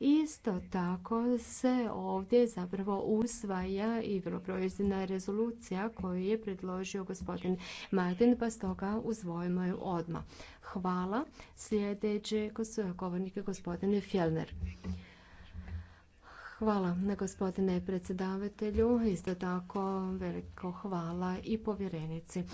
Isto tako se ovdje zapravo usvaja i vrlo proizvodna rezolucija koju je predložio gospodin Martin, pa stoga uzvojimo ju odmah. Hvala. Sljedeći govornik je gospodin Fjellner. Hvala gospodine predsjedavatelju, isto tako veliko hvala i povjerenici.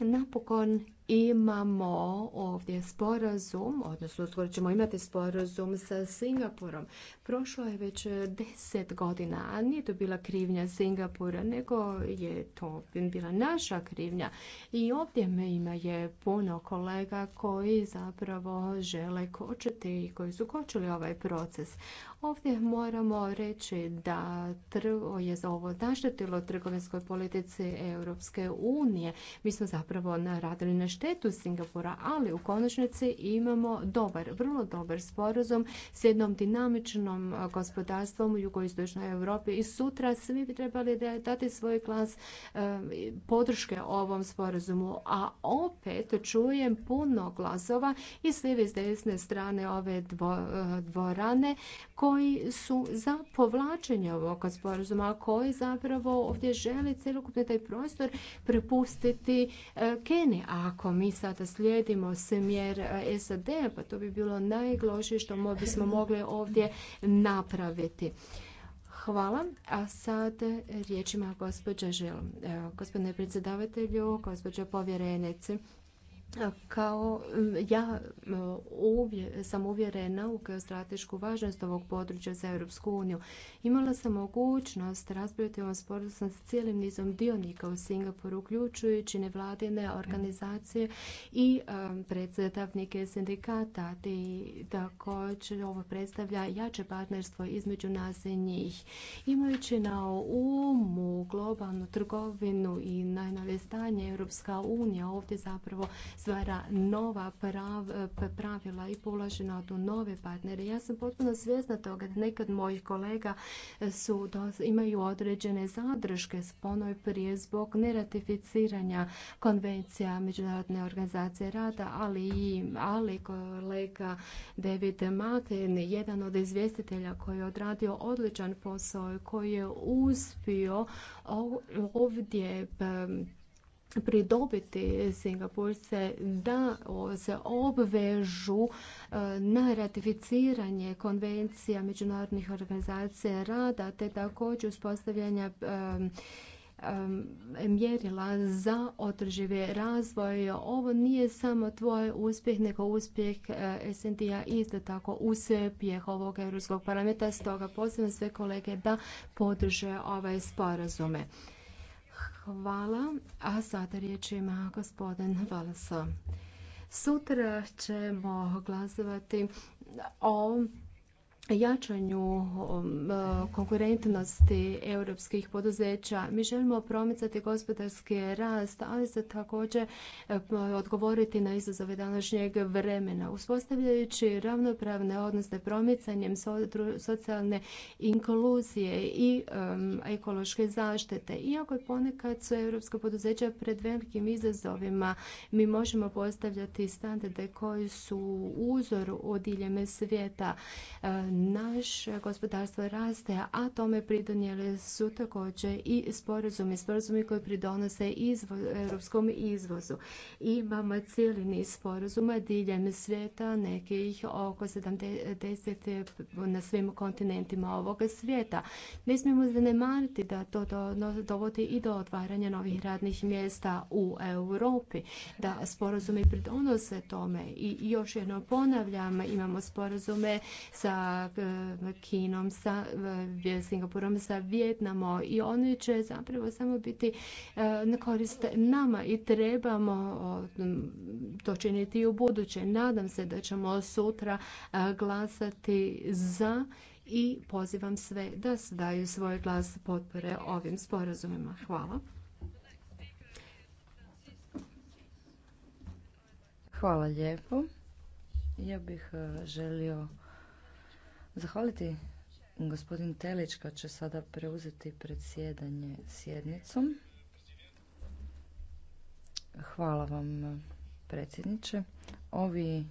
Napokon imamo ovdje sporazum, odnosno uskoro ćemo imati sporazum sa Singapurom. Prošlo je već deset godina, a nije to bila krivnja Singapura, nego je to bila naša krivnja. I ovdje me ima je puno kolega koji zapravo žele kočiti i koji su kočili ovaj proces. Ovdje moramo reći da je za ovo naštetilo trgovinskoj politici Europske unije. Mi smo zapravo radili nešto štetu Singapura, ali u konačnici imamo dobar, vrlo dobar sporazum s jednom dinamičnom e, gospodarstvom u jugoistočnoj Europi i sutra svi bi trebali dati svoj glas e, podrške ovom sporazumu, a opet čujem puno glasova i s lijeve s desne strane ove e, dvorane koji su za povlačenje ovog sporazuma, koji zapravo ovdje želi cjelokupni taj prostor prepustiti Keni. A ako mi sada slijedimo smjer e, SAD, pa to bi bilo najglošije što bismo mogli ovdje napraviti. Hvala. A sad riječima gospođa Žel e, Gospodine predsjedavatelju, gospođo povjerenice kao ja sam uvjerena u geostratešku važnost ovog područja za Europsku uniju. Imala sam mogućnost raspraviti ovom s s cijelim nizom dionika u Singapuru, uključujući nevladine organizacije i predstavnike sindikata, te također ovo predstavlja jače partnerstvo između nas i njih. Imajući na umu globalnu trgovinu i najnove stanje Europska unija ovdje zapravo stvara nova pravila i polaže na nove partnere. Ja sam potpuno svjesna toga da nekad mojih kolega e, su, imaju određene zadrške s ponoj prije zbog neratificiranja konvencija Međunarodne organizacije rada, ali i ali kolega David Matin, jedan od izvjestitelja koji je odradio odličan posao koji je uspio ovdje pridobiti Singapurce da se obvežu e, na ratificiranje konvencija međunarodnih organizacija rada te također uspostavljanja e, e, mjerila za održivi razvoj. Ovo nije samo tvoj uspjeh, nego uspjeh SND-a isto tako uspjeh ovog Europskog parlamenta. Stoga pozivam sve kolege da podrže ove ovaj sporazume. Hvala. A sada riječ ima gospodin Valso. Sutra ćemo glasovati o jačanju um, e, konkurentnosti europskih poduzeća. Mi želimo promicati gospodarski rast, ali se također e, odgovoriti na izazove današnjeg vremena. Uspostavljajući ravnopravne odnose promicanjem socijalne inkluzije i um, ekološke zaštite. Iako ponekad su europska poduzeća pred velikim izazovima, mi možemo postavljati standarde koji su uzor u diljem svijeta e, naš gospodarstvo raste, a tome pridonijeli su također i sporazumi, sporazumi koji pridonose izvo, europskom izvozu. Imamo cijeli niz sporazuma diljem svijeta, nekih oko 70 na svim kontinentima ovoga svijeta. Ne smijemo zanemariti da to dovodi i do otvaranja novih radnih mjesta u Europi, da sporazumi pridonose tome i još jednom ponavljam, imamo sporazume sa E, Kinom, sa e, Singapurom, sa Vijetnamo. i oni će zapravo samo biti e, na korist nama i trebamo to činiti i u buduće. Nadam se da ćemo sutra glasati za i pozivam sve da daju svoj glas potpore ovim sporazumima. Hvala. Hvala lijepo. Ja bih želio zahvaliti gospodin Telička će sada preuzeti predsjedanje sjednicom. Hvala vam predsjedniče. Ovi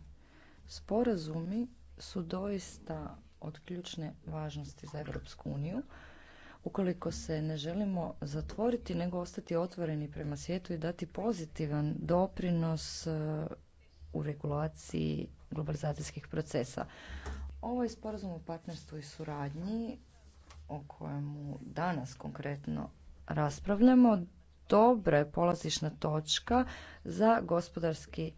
sporazumi su doista od ključne važnosti za Europsku uniju. Ukoliko se ne želimo zatvoriti, nego ostati otvoreni prema svijetu i dati pozitivan doprinos e, u regulaciji globalizacijskih procesa. Ovo je sporazum o partnerstvu i suradnji o kojemu danas konkretno raspravljamo dobra je polazišna točka za gospodarski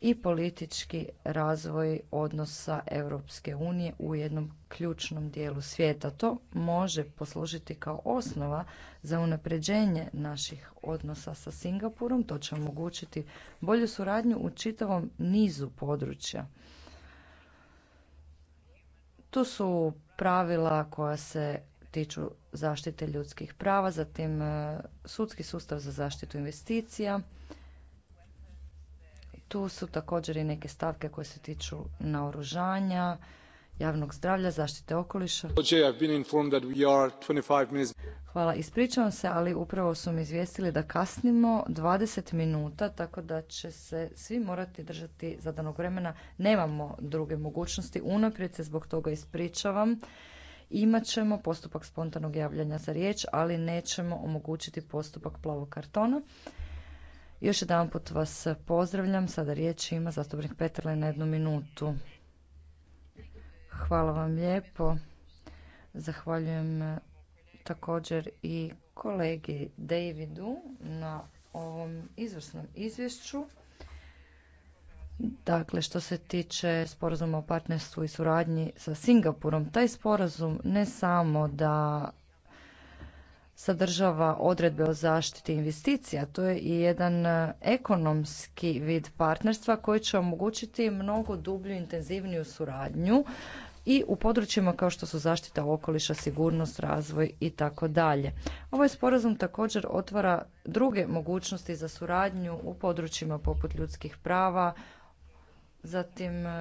i politički razvoj odnosa Europske unije u jednom ključnom dijelu svijeta. To može poslužiti kao osnova za unapređenje naših odnosa sa Singapurom. To će omogućiti bolju suradnju u čitavom nizu područja. Tu su pravila koja se tiču zaštite ljudskih prava, zatim e, sudski sustav za zaštitu investicija. Tu su također i neke stavke koje se tiču naoružanja, javnog zdravlja, zaštite okoliša. Hvala, ispričavam se, ali upravo su mi izvijestili da kasnimo 20 minuta, tako da će se svi morati držati zadanog vremena. Nemamo druge mogućnosti, unaprijed se zbog toga ispričavam. Imat ćemo postupak spontanog javljanja za riječ, ali nećemo omogućiti postupak plavog kartona. Još jedan put vas pozdravljam. Sada riječ ima zastupnik Petrle na jednu minutu. Hvala vam lijepo. Zahvaljujem e, također i kolegi Davidu na ovom izvrsnom izvješću. Dakle, što se tiče sporazuma o partnerstvu i suradnji sa Singapurom, taj sporazum ne samo da sadržava odredbe o zaštiti investicija. To je i jedan e, ekonomski vid partnerstva koji će omogućiti mnogo dublju, intenzivniju suradnju i u područjima kao što su zaštita okoliša, sigurnost, razvoj i tako dalje. Ovaj sporazum također otvara druge mogućnosti za suradnju u područjima poput ljudskih prava, zatim e,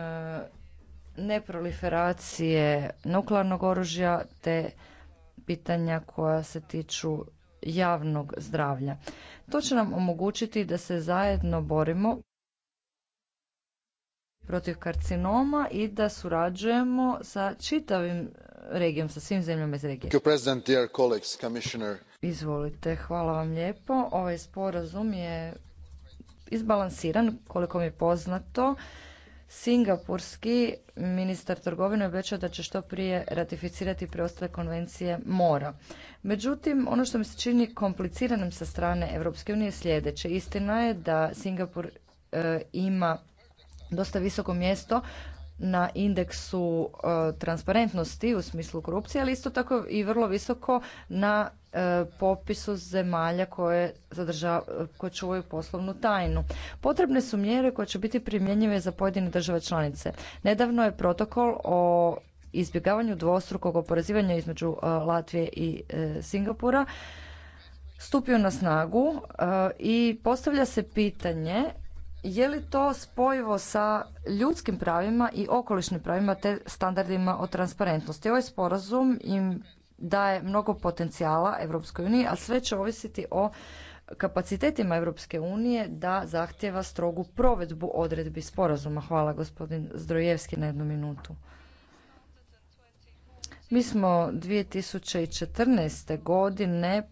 neproliferacije nuklearnog oružja te pitanja koja se tiču javnog zdravlja. To će nam omogućiti da se zajedno borimo protiv karcinoma i da surađujemo sa čitavim regijom, sa svim zemljama iz regije. Izvolite, hvala vam lijepo. Ovaj sporazum je izbalansiran, koliko mi je poznato. Singapurski ministar trgovine obećao da će što prije ratificirati preostale konvencije mora. Međutim, ono što mi se čini kompliciranim sa strane Europske unije je sljedeće. Istina je da Singapur e, ima dosta visoko mjesto na indeksu e, transparentnosti u smislu korupcije, ali isto tako i vrlo visoko na e, popisu zemalja koje, čuvaju poslovnu tajnu. Potrebne su mjere koje će biti primjenjive za pojedine države članice. Nedavno je protokol o izbjegavanju dvostrukog oporezivanja između e, Latvije i Singapura stupio na snagu i postavlja se pitanje je li to spojivo sa ljudskim pravima i okolišnim pravima te standardima o transparentnosti? Ovaj sporazum im daje mnogo potencijala Europskoj uniji, a sve će ovisiti o kapacitetima Europske unije da zahtjeva strogu provedbu odredbi sporazuma. Hvala gospodin Zdrojevski na jednu minutu. Mi smo 2014. godine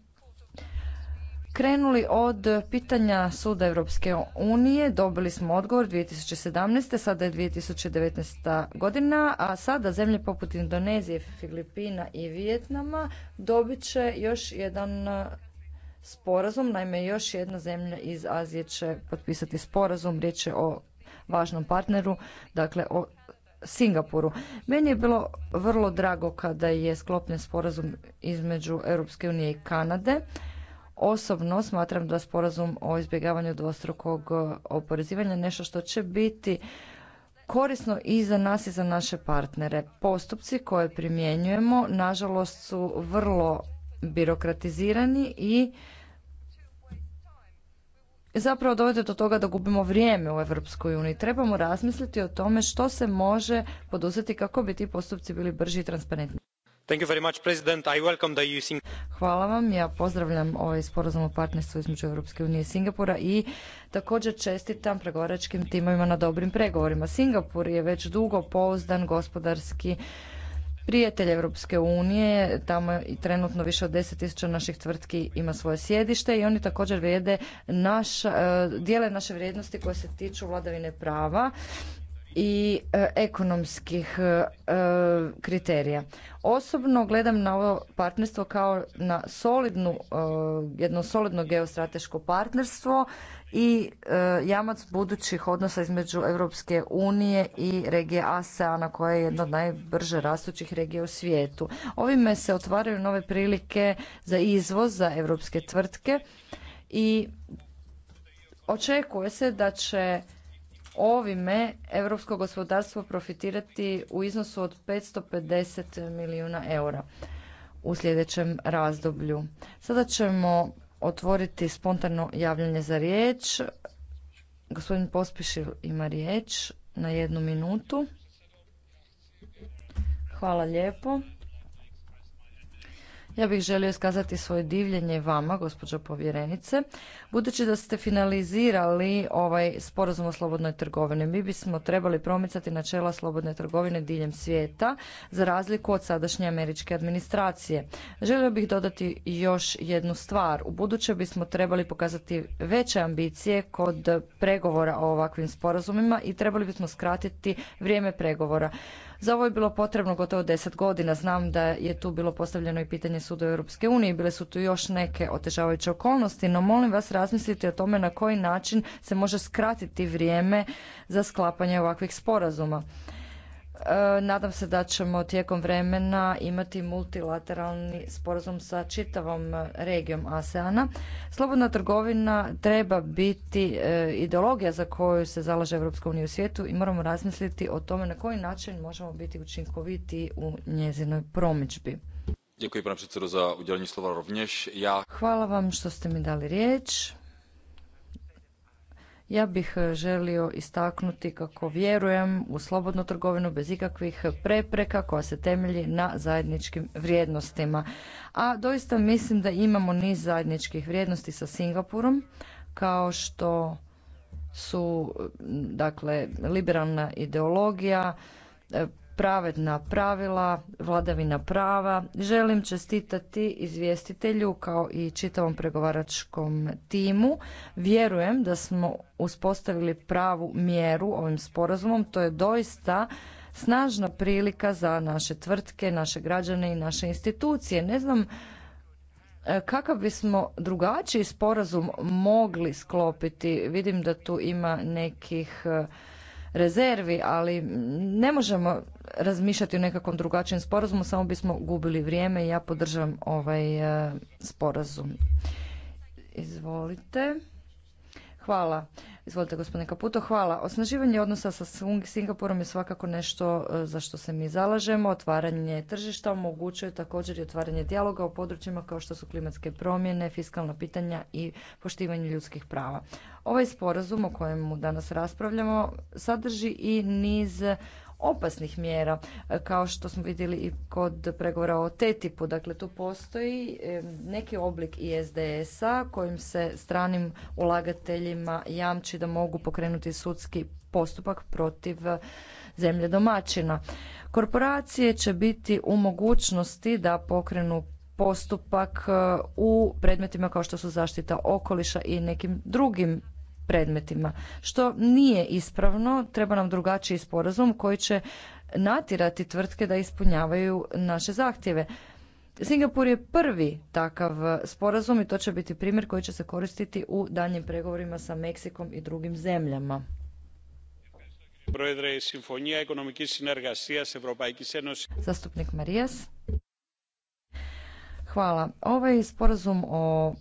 krenuli od pitanja Suda Europske unije, dobili smo odgovor 2017. sada je 2019. godina, a sada zemlje poput Indonezije, Filipina i Vijetnama dobit će još jedan e, sporazum, naime još jedna zemlja iz Azije će potpisati sporazum, riječ je o važnom partneru, dakle o Singapuru. Meni je bilo vrlo drago kada je sklopljen sporazum između Europske unije i Kanade Osobno smatram da sporazum o izbjegavanju dvostrukog e, oporezivanja nešto što će biti korisno i za nas i za naše partnere. Postupci koje primjenjujemo nažalost su vrlo birokratizirani i zapravo dovede do toga da gubimo vrijeme u Europskoj uniji. Trebamo razmisliti o tome što se može poduzeti kako bi ti postupci bili brži i transparentni. E Hvala vam. Ja pozdravljam ovaj sporazum o partnerstvu između Europske unije i Singapura i također čestitam pregovaračkim timovima na dobrim pregovorima. Singapur je već dugo pouzdan gospodarski prijatelj Europske unije, tamo i trenutno više od 10.000 naših tvrtki ima svoje sjedište i oni također vrijede naš, eh, dijele naše vrijednosti koje se tiču vladavine prava i e, ekonomskih e, kriterija. Osobno gledam na ovo partnerstvo kao na solidnu, e, jedno solidno geostrateško partnerstvo i jamac budućih odnosa između Europske unije i regije ASEANA koja je jedna od najbrže rastućih regija u svijetu. Ovime se otvaraju nove prilike za izvoz za europske tvrtke i očekuje se da će ovime europsko gospodarstvo profitirati u iznosu od 550 milijuna eura u sljedećem razdoblju. Sada ćemo otvoriti spontano javljanje za riječ. Gospodin Pospišil ima riječ na jednu minutu. Hvala lijepo. Ja bih želio iskazati svoje divljenje vama, gospođo povjerenice. Budući da ste finalizirali ovaj sporazum o slobodnoj trgovini, mi bismo trebali promicati načela slobodne trgovine diljem svijeta, za razliku od sadašnje američke administracije. Želio bih dodati još jednu stvar. U buduće bismo trebali pokazati veće ambicije kod pregovora o ovakvim sporazumima i trebali bismo skratiti vrijeme pregovora. Za ovo je bilo potrebno gotovo deset godina. Znam da je tu bilo postavljeno i pitanje suda Europske unije. Bile su tu još neke otežavajuće okolnosti, no molim vas razmislite o tome na koji način se može skratiti vrijeme za sklapanje ovakvih sporazuma. E, nadam se da ćemo tijekom vremena imati multilateralni sporazum sa čitavom regijom ASEANA. Slobodna trgovina treba biti e, ideologija za koju se zalaže Europska unija u svijetu i moramo razmisliti o tome na koji način možemo biti učinkoviti u njezinoj promidžbi. Hvala vam što ste mi dali riječ. Ja bih e, želio istaknuti kako vjerujem u slobodnu trgovinu bez ikakvih prepreka koja se temelji na zajedničkim vrijednostima. A doista mislim da imamo niz zajedničkih vrijednosti sa Singapurom kao što su e, dakle liberalna ideologija, e, pravedna pravila, vladavina prava. Želim čestitati izvjestitelju kao i čitavom pregovaračkom timu. Vjerujem da smo uspostavili pravu mjeru ovim sporazumom. To je doista snažna prilika za naše tvrtke, naše građane i naše institucije. Ne znam e, kakav bismo drugačiji sporazum mogli sklopiti. Vidim da tu ima nekih e, rezervi, ali ne možemo razmišljati o nekakvom drugačijem sporazumu, samo bismo gubili vrijeme i ja podržavam ovaj e, sporazum. Izvolite. Hvala. Izvolite gospodine Kaputo, hvala. Osnaživanje odnosa sa Singapurom je svakako nešto e, za što se mi zalažemo. Otvaranje tržišta omogućuje također i otvaranje dijaloga u područjima kao što su klimatske promjene, fiskalna pitanja i poštivanje ljudskih prava. Ovaj sporazum o kojemu danas raspravljamo sadrži i niz opasnih mjera, kao što smo vidjeli i kod pregovora o TTIP-u. Dakle, tu postoji neki oblik ISDS-a kojim se stranim ulagateljima jamči da mogu pokrenuti sudski postupak protiv eh, zemlje domaćina. Korporacije će biti u mogućnosti da pokrenu postupak eh, u predmetima kao što su zaštita okoliša i nekim drugim predmetima, što nije ispravno, treba nam drugačiji sporazum koji će natirati tvrtke da ispunjavaju naše zahtjeve. Singapur je prvi takav sporazum i to će biti primjer koji će se koristiti u daljnjim pregovorima sa Meksikom i drugim zemljama. Zastupnik Marijas. Hvala. Ovaj sporazum o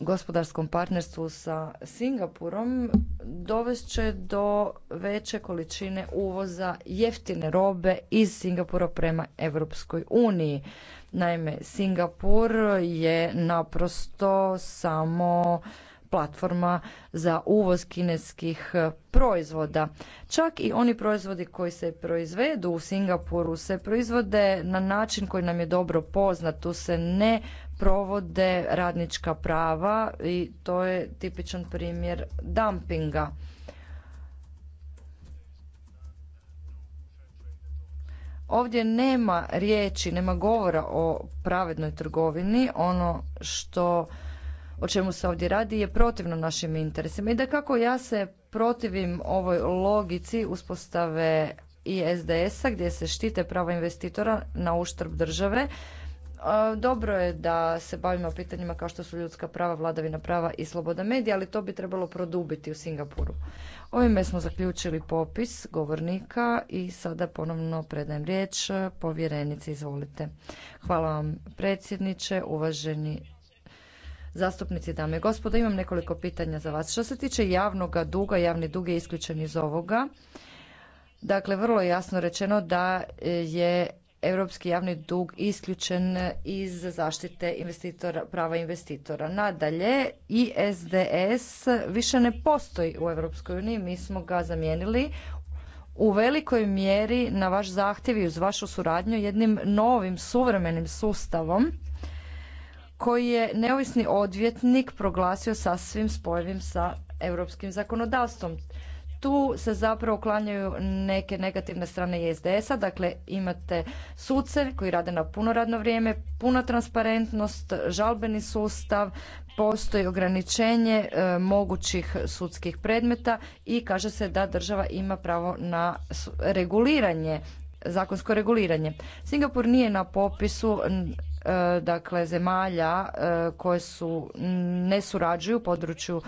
gospodarskom partnerstvu sa Singapurom dovest će do veće količine uvoza jeftine robe iz Singapura prema Europskoj uniji. Naime, Singapur je naprosto samo platforma za uvoz kineskih proizvoda. Čak i oni proizvodi koji se proizvedu u Singapuru se proizvode na način koji nam je dobro poznat. Tu se ne provode radnička prava i to je tipičan primjer dumpinga. Ovdje nema riječi, nema govora o pravednoj trgovini. Ono što o čemu se ovdje radi je protivno našim interesima. I da kako ja se protivim ovoj logici uspostave isds a gdje se štite prava investitora na uštrb države, dobro je da se bavimo pitanjima kao što su ljudska prava, vladavina prava i sloboda medija, ali to bi trebalo produbiti u Singapuru. Ovime smo zaključili popis govornika i sada ponovno predajem riječ povjerenici. Izvolite. Hvala vam predsjedniče, uvaženi zastupnici, dame i gospodo. Imam nekoliko pitanja za vas. Što se tiče javnog duga, javni dug je isključen iz ovoga. Dakle, vrlo jasno rečeno da je europski javni dug isključen iz zaštite investitora, prava investitora. Nadalje, ISDS više ne postoji u Europskoj uniji, mi smo ga zamijenili u velikoj mjeri na vaš zahtjev i uz vašu suradnju jednim novim suvremenim sustavom koji je neovisni odvjetnik proglasio sasvim spojevim sa europskim zakonodavstvom tu se zapravo uklanjaju neke negativne strane ISDS-a, dakle imate suce koji rade na puno radno vrijeme, puna transparentnost, žalbeni sustav, postoji ograničenje e, mogućih sudskih predmeta i kaže se da država ima pravo na reguliranje, zakonsko reguliranje. Singapur nije na popisu e, dakle zemalja e, koje su ne surađuju u području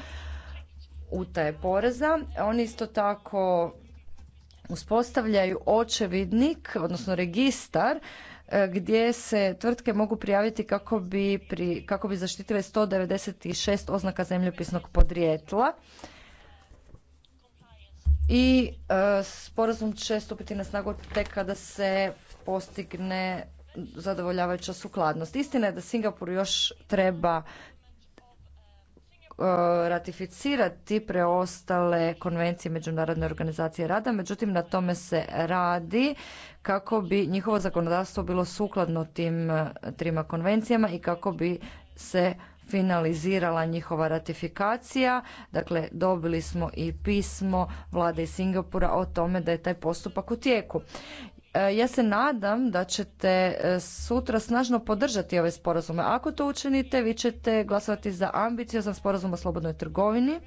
utaje poreza. Oni isto tako uspostavljaju očevidnik, odnosno registar e, gdje se tvrtke mogu prijaviti kako bi, pri, kako bi zaštitile 196 oznaka zemljopisnog podrijetla. I e, sporazum će stupiti na snagu tek kada se postigne zadovoljavajuća sukladnost. Istina je da Singapur još treba Eh, ratificirati preostale konvencije Međunarodne organizacije rada, međutim na tome se radi kako bi njihovo zakonodavstvo bilo sukladno tim eh, trima konvencijama i kako bi se finalizirala njihova ratifikacija. Dakle, dobili smo i pismo vlade iz Singapura o tome da je taj postupak u tijeku. E, ja se nadam da ćete e, sutra snažno podržati ove sporazume. Ako to učinite, vi ćete glasovati za ambiciozan sporazum o slobodnoj trgovini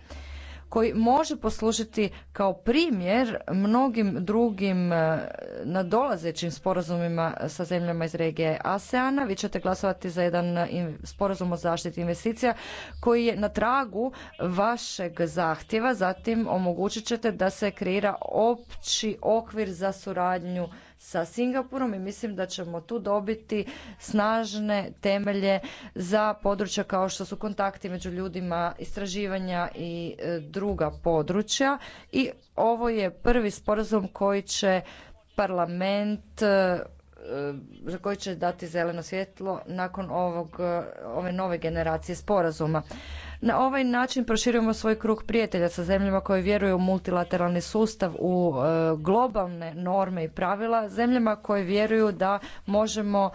koji može poslužiti kao primjer mnogim drugim e, nadolazećim sporazumima sa zemljama iz regije ASEANA. Vi ćete glasovati za jedan sporazum o zaštiti investicija koji je na tragu vašeg zahtjeva. Zatim omogućit ćete da se kreira opći okvir za suradnju sa Singapurom i mislim da ćemo tu dobiti snažne temelje za područja kao što su kontakti među ljudima, istraživanja i e, druga područja i ovo je prvi sporazum koji će parlament e, za koji će dati zeleno svjetlo nakon ovog, e, ove nove generacije sporazuma. Na ovaj način proširujemo svoj krug prijatelja sa zemljama koje vjeruju u multilateralni sustav, u e, globalne norme i pravila, zemljama koje vjeruju da možemo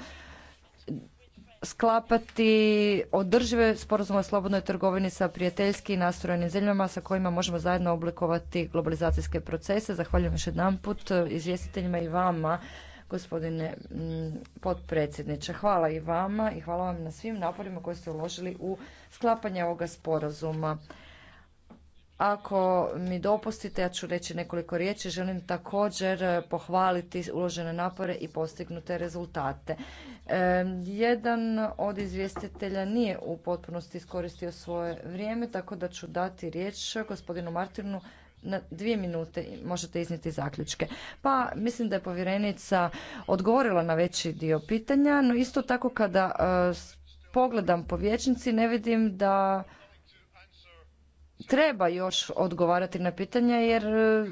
sklapati održive sporazume o slobodnoj trgovini sa prijateljski i nastrojenim zemljama sa kojima možemo zajedno oblikovati globalizacijske procese. Zahvaljujem još put izvjestiteljima i vama gospodine mm, potpredsjedniče. Hvala i vama i hvala vam na svim naporima koje ste uložili u sklapanje ovoga sporazuma. Ako mi dopustite, ja ću reći nekoliko riječi. Želim također pohvaliti uložene napore i postignute rezultate. E, jedan od izvjestitelja nije u potpunosti iskoristio svoje vrijeme, tako da ću dati riječ gospodinu Martinu na dvije minute možete iznijeti zaključke. Pa mislim da je povjerenica odgovorila na veći dio pitanja, no isto tako kada e, pogledam po vječnici ne vidim da treba još odgovarati na pitanja jer e,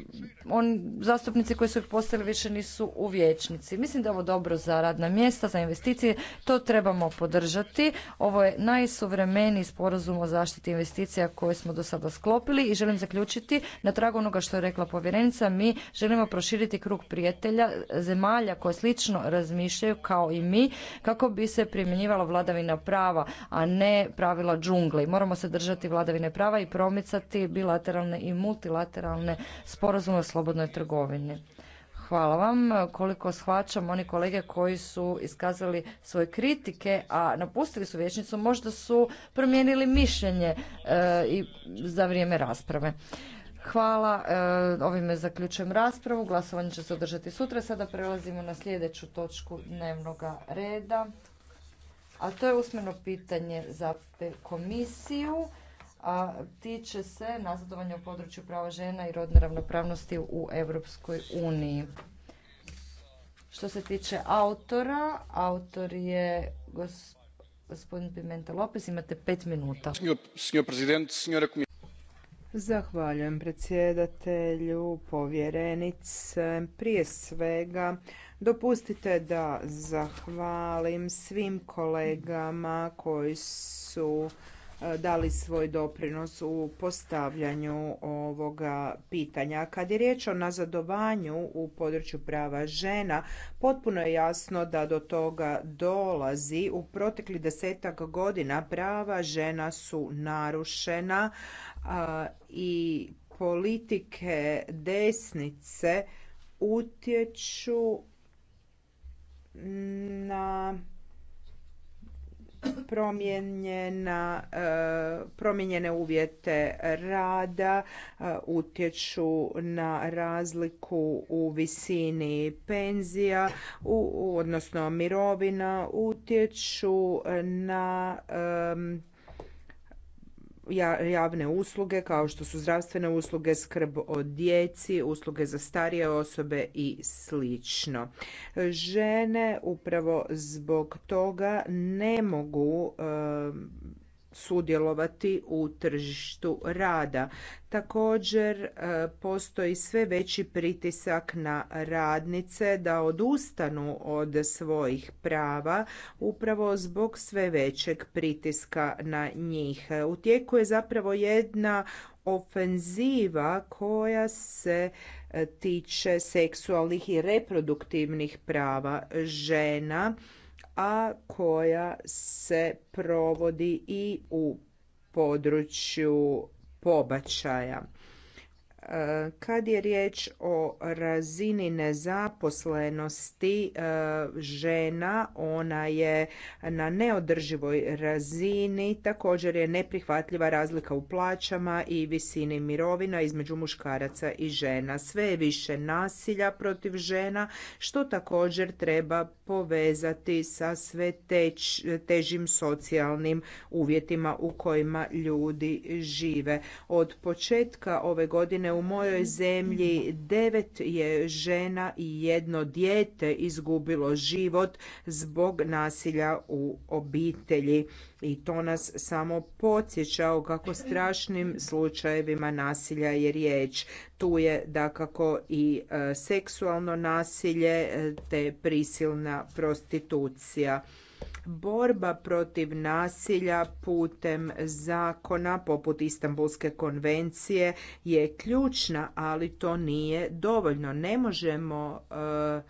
on, zastupnici koji su ih postavili više nisu u vječnici. Mislim da je ovo dobro za radna mjesta, za investicije, to trebamo podržati. Ovo je najsuvremeniji sporazum o zaštiti investicija koje smo do sada sklopili i želim zaključiti na tragu onoga što je rekla povjerenica, mi želimo proširiti krug prijatelja, zemalja koje slično razmišljaju kao i mi kako bi se primjenjivala vladavina prava, a ne pravila džungli. Moramo se držati vladavine prava i promjeniti promicati bilateralne i multilateralne sporazume o slobodnoj trgovini. Hvala vam. Koliko shvaćam, oni kolege koji su iskazali svoje kritike, a napustili su vječnicu, možda su promijenili mišljenje e, i za vrijeme rasprave. Hvala. E, ovime zaključujem raspravu. Glasovanje će se održati sutra. Sada prelazimo na sljedeću točku dnevnog reda. A to je usmeno pitanje za komisiju a tiče se nazadovanja u području prava žena i rodne ravnopravnosti u Europskoj uniji. Što se tiče autora, autor je gospodin Pimenta Lopez, imate pet minuta. Zahvaljujem predsjedatelju, povjerenice. Prije svega, dopustite da zahvalim svim kolegama koji su E, dali svoj doprinos u postavljanju ovoga pitanja. Kad je riječ o nazadovanju u području prava žena, potpuno je jasno da do toga dolazi. U proteklih desetak godina prava žena su narušena i politike desnice utječu na E, promijenjene uvjete rada e, utječu na razliku u visini penzija, odnosno mirovina, utječu na javne usluge kao što su zdravstvene usluge, skrb o djeci, usluge za starije osobe i slično. Žene upravo zbog toga ne mogu sudjelovati u tržištu rada. Također e, postoji sve veći pritisak na radnice da odustanu od svojih prava upravo zbog sve većeg pritiska na njih. U tijeku je zapravo jedna ofenziva koja se e, tiče seksualnih i reproduktivnih prava žena a koja se provodi i u području pobačaja kad je riječ o razini nezaposlenosti e, žena, ona je na neodrživoj razini, također je neprihvatljiva razlika u plaćama i visini mirovina između muškaraca i žena. Sve je više nasilja protiv žena, što također treba povezati sa sve težim socijalnim uvjetima u kojima ljudi žive. Od početka ove godine u mojoj zemlji devet je žena i jedno dijete izgubilo život zbog nasilja u obitelji i to nas samo podsjeća o kako strašnim slučajevima nasilja je riječ. Tu je dakako i e, seksualno nasilje e, te prisilna prostitucija. Borba protiv nasilja putem zakona poput Istanbulske konvencije je ključna, ali to nije dovoljno. Ne možemo e,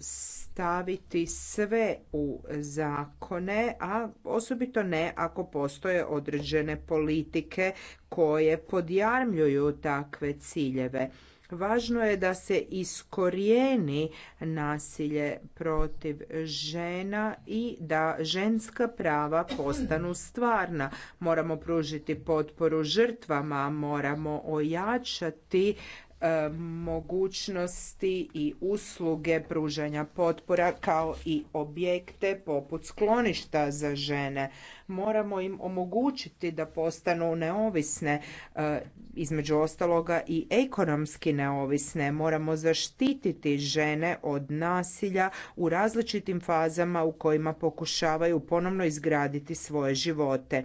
staviti sve u zakone, a osobito ne ako postoje određene politike koje podjarmljuju takve ciljeve. Važno je da se iskorijeni nasilje protiv žena i da ženska prava postanu stvarna. Moramo pružiti potporu žrtvama, moramo ojačati E, mogućnosti i usluge pružanja potpora kao i objekte poput skloništa za žene. Moramo im omogućiti da postanu neovisne, e, između ostaloga i ekonomski neovisne. Moramo zaštititi žene od nasilja u različitim fazama u kojima pokušavaju ponovno izgraditi svoje živote.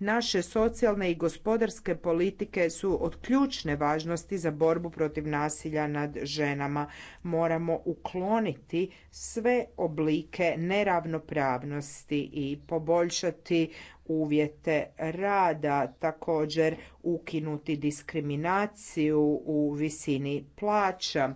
Naše socijalne i gospodarske politike su od ključne važnosti za borbu protiv nasilja nad ženama. Moramo ukloniti sve oblike neravnopravnosti i poboljšati uvjete rada, također ukinuti diskriminaciju u visini plaća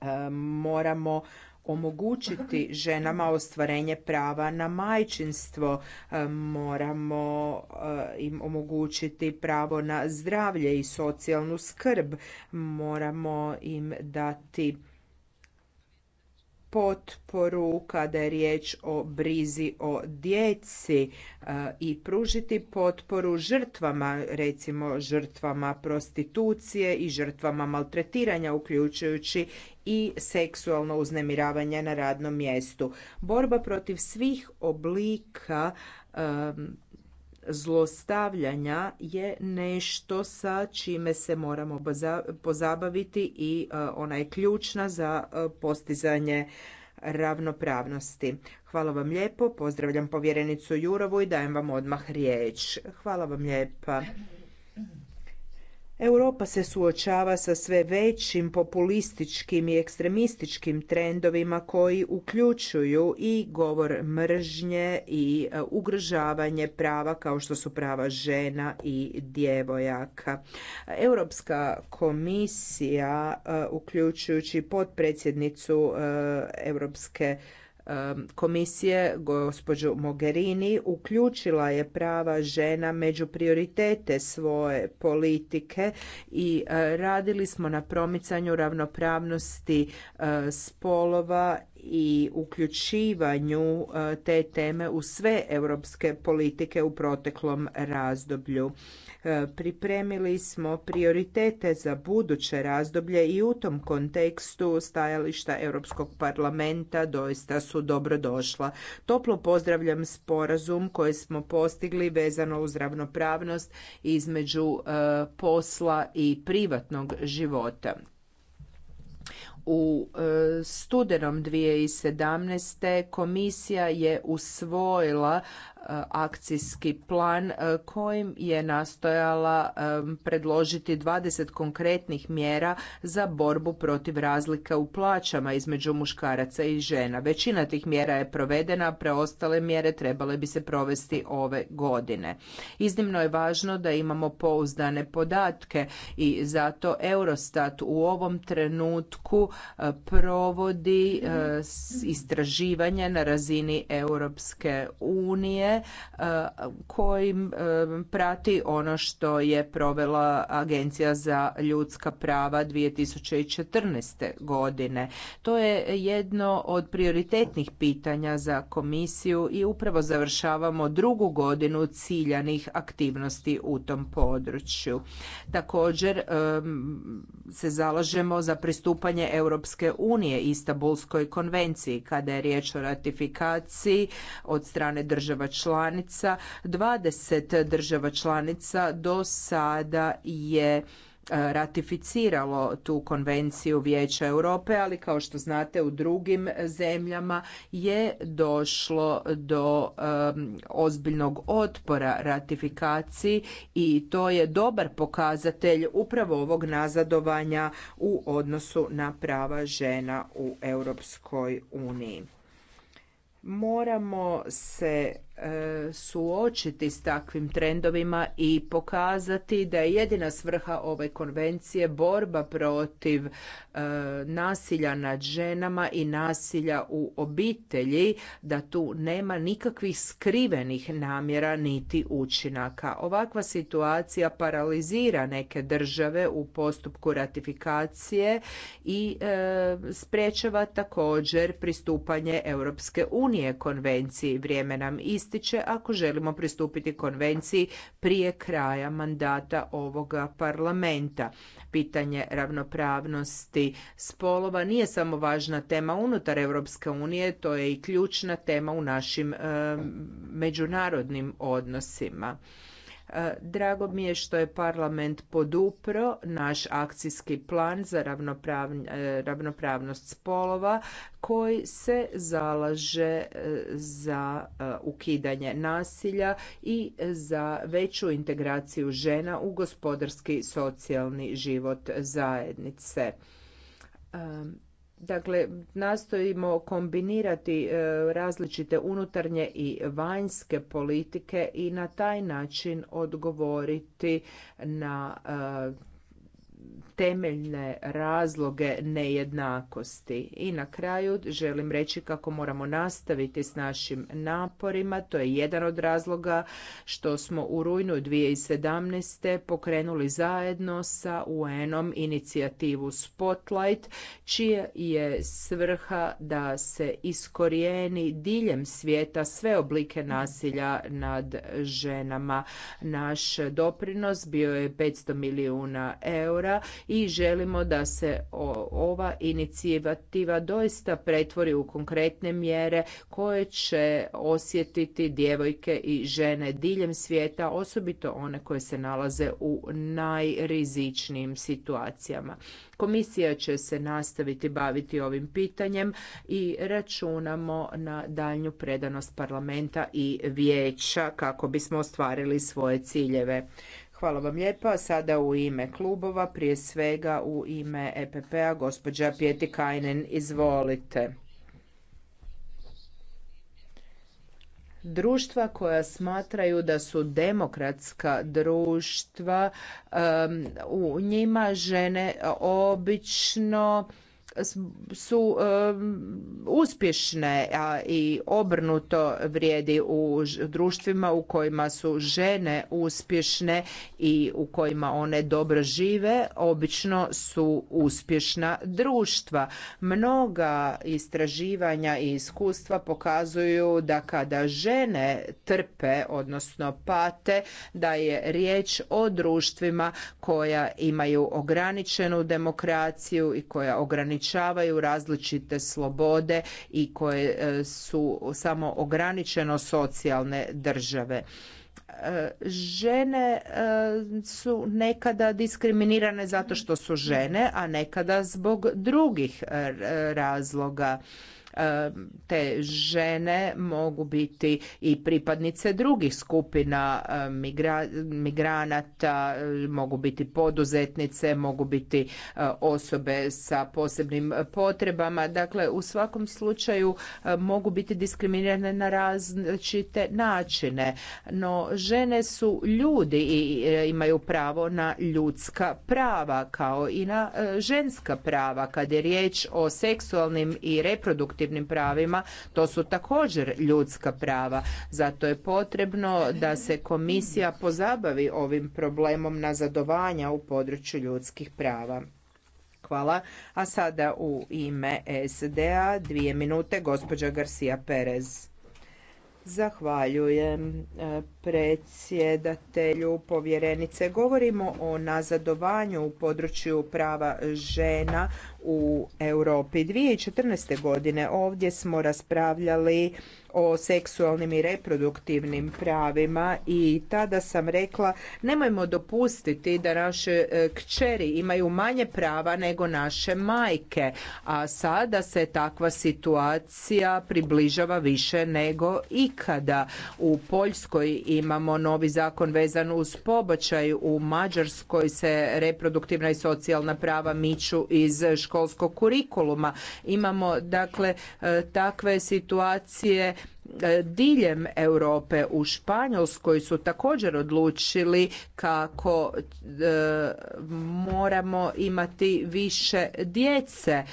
e, moramo omogućiti ženama ostvarenje prava na majčinstvo, e, moramo e, im omogućiti pravo na zdravlje i socijalnu skrb, moramo im dati potporu kada je riječ o brizi o djeci e, i pružiti potporu žrtvama, recimo žrtvama prostitucije i žrtvama maltretiranja uključujući i seksualno uznemiravanje na radnom mjestu. Borba protiv svih oblika e, zlostavljanja je nešto sa čime se moramo pozabaviti i e, ona je ključna za e, postizanje ravnopravnosti. Hvala vam lijepo, pozdravljam povjerenicu Jurovu i dajem vam odmah riječ. Hvala vam lijepa. Europa se suočava sa sve većim populističkim i ekstremističkim trendovima koji uključuju i govor mržnje i e, ugrožavanje prava kao što su prava žena i djevojaka. Europska komisija e, uključujući potpredsjednicu e, Europske komisije gospođu Mogherini uključila je prava žena među prioritete svoje politike i eh, radili smo na promicanju ravnopravnosti eh, spolova i uključivanju e, te teme u sve europske politike u proteklom razdoblju. E, pripremili smo prioritete za buduće razdoblje i u tom kontekstu stajališta Europskog parlamenta doista su dobrodošla. Toplo pozdravljam sporazum koji smo postigli vezano uz ravnopravnost između e, posla i privatnog života u e, studenom 2017. komisija je usvojila akcijski plan e, kojim je nastojala e, predložiti 20 konkretnih mjera za borbu protiv razlika u plaćama između muškaraca i žena. Većina tih mjera je provedena, preostale mjere trebale bi se provesti ove godine. Iznimno je važno da imamo pouzdane podatke i zato Eurostat u ovom trenutku e, provodi istraživanje na razini Europske unije E, kojim e, prati ono što je provela Agencija za ljudska prava 2014. godine. To je jedno od prioritetnih pitanja za komisiju i upravo završavamo drugu godinu ciljanih aktivnosti u tom području. Također e, se zalažemo za pristupanje Europske unije Istanbulskoj konvenciji kada je riječ o ratifikaciji od strane država članica. 20 država članica do sada je e, ratificiralo tu konvenciju Vijeća Europe, ali kao što znate u drugim zemljama je došlo do ozbiljnog otpora ratifikaciji i to je dobar pokazatelj upravo ovog nazadovanja u odnosu na prava žena u Europskoj uniji. Moramo se suočiti s takvim trendovima i pokazati da je jedina svrha ove konvencije borba protiv e, nasilja nad ženama i nasilja u obitelji, da tu nema nikakvih skrivenih namjera niti učinaka. Ovakva situacija paralizira neke države u postupku ratifikacije i e, sprečava također pristupanje Europske unije konvenciji. Vrijeme nam ističe ako želimo pristupiti konvenciji prije kraja mandata ovoga parlamenta. Pitanje ravnopravnosti spolova nije samo važna tema unutar Europske unije, to je i ključna tema u našim eh, međunarodnim odnosima. E, drago mi je što je parlament podupro naš akcijski plan za e, ravnopravnost spolova koji se zalaže e, za ukidanje nasilja i za veću integraciju žena u gospodarski socijalni život zajednice. Dakle, nastojimo kombinirati e, različite unutarnje i vanjske politike i na taj način odgovoriti na e, temeljne razloge nejednakosti. I na kraju želim reći kako moramo nastaviti s našim naporima. To je jedan od razloga što smo u rujnu 2017. pokrenuli zajedno sa UN-om inicijativu Spotlight, čija je svrha da se iskorijeni diljem svijeta sve oblike nasilja nad ženama. Naš doprinos bio je 500 milijuna eura i želimo da se ova inicijativa doista pretvori u konkretne mjere koje će osjetiti djevojke i žene diljem svijeta, osobito one koje se nalaze u najrizičnijim situacijama. Komisija će se nastaviti baviti ovim pitanjem i računamo na daljnju predanost parlamenta i vijeća kako bismo ostvarili svoje ciljeve. Hvala vam lijepa. Sada u ime klubova, prije svega u ime EPP-a, gospođa Pjeti Kajnen, izvolite. društva koja smatraju da su demokratska društva um, u njima žene obično su uspješne a i obrnuto vrijedi u društvima u kojima su žene uspješne i u kojima one dobro žive obično su uspješna društva mnoga istraživanja i iskustva pokazuju da kada žene trpe odnosno pate da je riječ o društvima koja imaju ograničenu demokraciju i koja ograničenu ograničavaju različite slobode i koje e, su samo ograničeno socijalne države e, žene e, su nekada diskriminirane zato što su žene, a nekada zbog drugih razloga te žene mogu biti i pripadnice drugih skupina e, migranata, mogu biti poduzetnice, mogu biti e, osobe sa posebnim potrebama. Dakle, u svakom slučaju e, mogu biti diskriminirane na različite načine. No, žene su ljudi i imaju pravo na ljudska prava kao i na ženska prava kad je riječ o seksualnim i reproduktivnim pravima, to su također ljudska prava. Zato je potrebno da se komisija pozabavi ovim problemom nazadovanja u području ljudskih prava. Hvala. A sada u ime SDA dvije minute gospođa Garcia Perez. Zahvaljujem e, predsjedatelju povjerenice. Govorimo o nazadovanju u području prava žena u Europi. 2014. godine ovdje smo raspravljali o seksualnim i reproduktivnim pravima i tada sam rekla nemojmo dopustiti da naše e, kćeri imaju manje prava nego naše majke, a sada se takva situacija približava više nego ikada. U Poljskoj imamo novi zakon vezan uz pobačaj, u Mađarskoj se reproduktivna i socijalna prava miču iz školskog kurikuluma. Imamo dakle e, takve situacije E, diljem Europe u Španjolskoj su također odlučili kako e, moramo imati više djece e,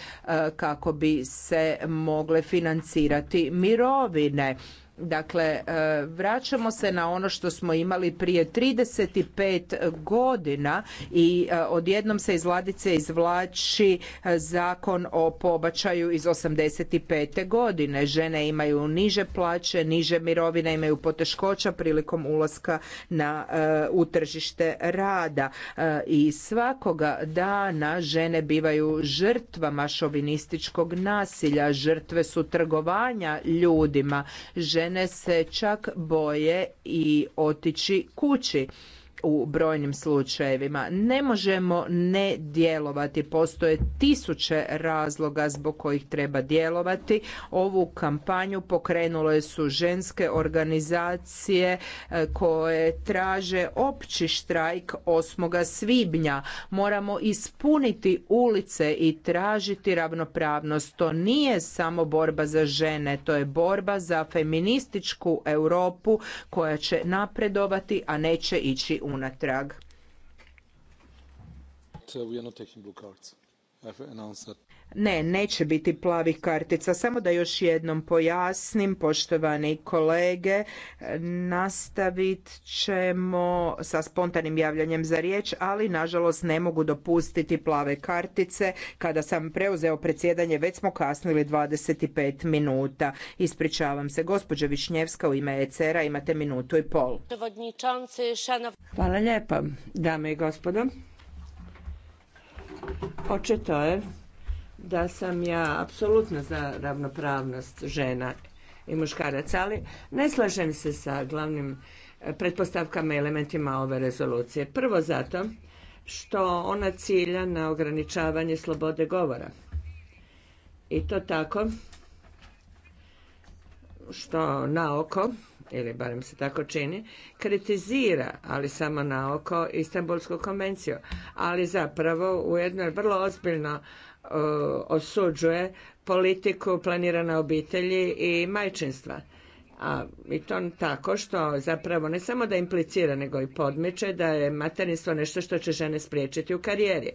kako bi se mogle financirati mirovine Dakle, e, vraćamo se na ono što smo imali prije 35 godina i e, odjednom se iz vladice izvlači e, zakon o pobačaju iz 85. godine. Žene imaju niže plaće, niže mirovine, imaju poteškoća prilikom ulaska na, u tržište rada i svakoga dana žene bivaju žrtvama šovinističkog nasilja, žrtve su trgovanja ljudima, žene žene se čak boje i otići kući u brojnim slučajevima. Ne možemo ne djelovati. Postoje tisuće razloga zbog kojih treba djelovati. Ovu kampanju pokrenule su ženske organizacije e, koje traže opći štrajk 8. svibnja. Moramo ispuniti ulice i tražiti ravnopravnost. To nije samo borba za žene, to je borba za feminističku Europu koja će napredovati, a neće ići u na trag trag. cards. Ne, neće biti plavih kartica. Samo da još jednom pojasnim, poštovani kolege, nastavit ćemo sa spontanim javljanjem za riječ, ali nažalost ne mogu dopustiti plave kartice. Kada sam preuzeo predsjedanje, već smo kasnili 25 minuta. Ispričavam se, gospođo Višnjevska u ime ECR-a imate minutu i pol. Hvala lijepa, dame i gospodo. Očito je da sam ja apsolutno za ravnopravnost žena i muškaraca, ali ne slažem se sa glavnim e, pretpostavkama i elementima ove rezolucije. Prvo zato što ona cilja na ograničavanje slobode govora. I to tako što na oko ili barem se tako čini, kritizira, ali samo na oko, Istanbulsku konvenciju, ali zapravo ujedno je vrlo ozbiljno e, osuđuje politiku planirane obitelji i majčinstva. A, I to tako što zapravo ne samo da implicira, nego i podmiče da je materinstvo nešto što će žene spriječiti u karijeri.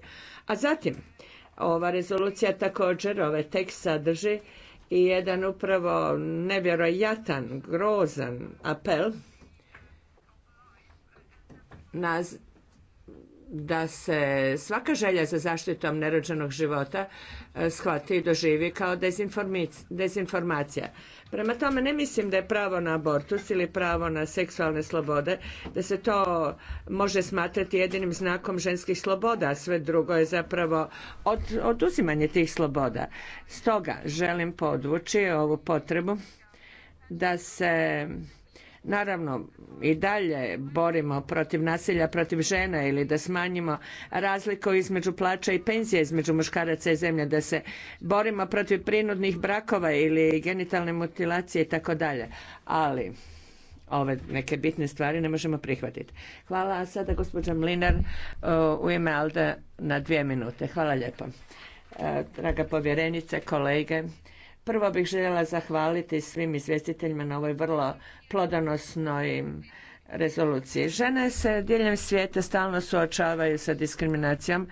A zatim, ova rezolucija također, ovaj tekst sadrži i jedan upravo nevjerojatan, grozan apel na da se svaka želja za zaštitom nerođenog života e, shvati i doživi kao dezinformacija. Prema tome ne mislim da je pravo na abortus ili pravo na seksualne slobode, da se to može smatrati jedinim znakom ženskih sloboda, a sve drugo je zapravo od, oduzimanje tih sloboda. Stoga želim podvući ovu potrebu da se Naravno, i dalje borimo protiv nasilja protiv žena ili da smanjimo razliku između plaća i penzije između muškaraca i zemlje, da se borimo protiv prinudnih brakova ili genitalne mutilacije i tako dalje. Ali ove neke bitne stvari ne možemo prihvatiti. Hvala, a sada gospođa Mlinar e, u ime Alda na dvije minute. Hvala lijepo. E, draga povjerenice, kolege, Prvo bih željela zahvaliti svim izvjestiteljima na ovoj vrlo plodonosnoj rezolucije. Žene se diljem svijeta stalno suočavaju sa diskriminacijom,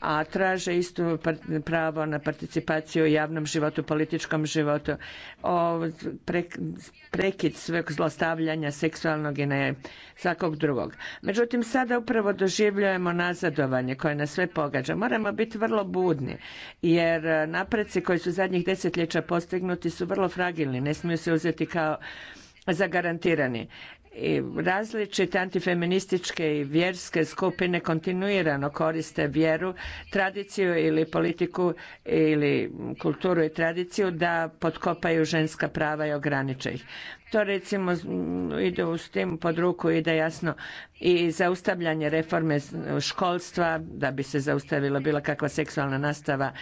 a traže isto pravo na participaciju u javnom životu, političkom životu, o prekid sveg zlostavljanja seksualnog i ne svakog drugog. Međutim, sada upravo doživljujemo nazadovanje koje nas sve pogađa. Moramo biti vrlo budni, jer napreci koji su zadnjih desetljeća postignuti su vrlo fragilni, ne smiju se uzeti kao zagarantirani i različite antifeminističke i vjerske skupine kontinuirano koriste vjeru, tradiciju ili politiku ili kulturu i tradiciju da potkopaju ženska prava i ograniče ih to recimo mm, ide uz tim pod ruku ide jasno i zaustavljanje reforme školstva da bi se zaustavila bila kakva seksualna nastava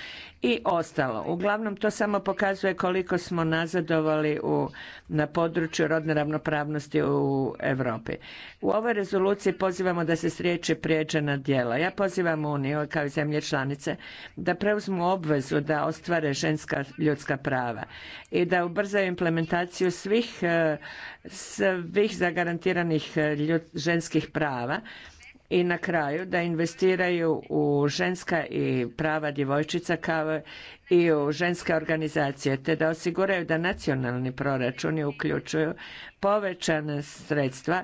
i ostalo. Uglavnom to samo pokazuje koliko smo nazadovali u, na području rodne ravnopravnosti u Europi. U ovoj rezoluciji pozivamo da se s prijeđena dijela. djela. Ja pozivam Uniju kao i zemlje članice da preuzmu obvezu da ostvare ženska ljudska prava i da ubrzaju implementaciju svih e, svih zagarantiranih e, ženskih prava i na kraju da investiraju u ženska i prava djevojčica kao i u ženske organizacije te da osiguraju da nacionalni proračuni uključuju povećane sredstva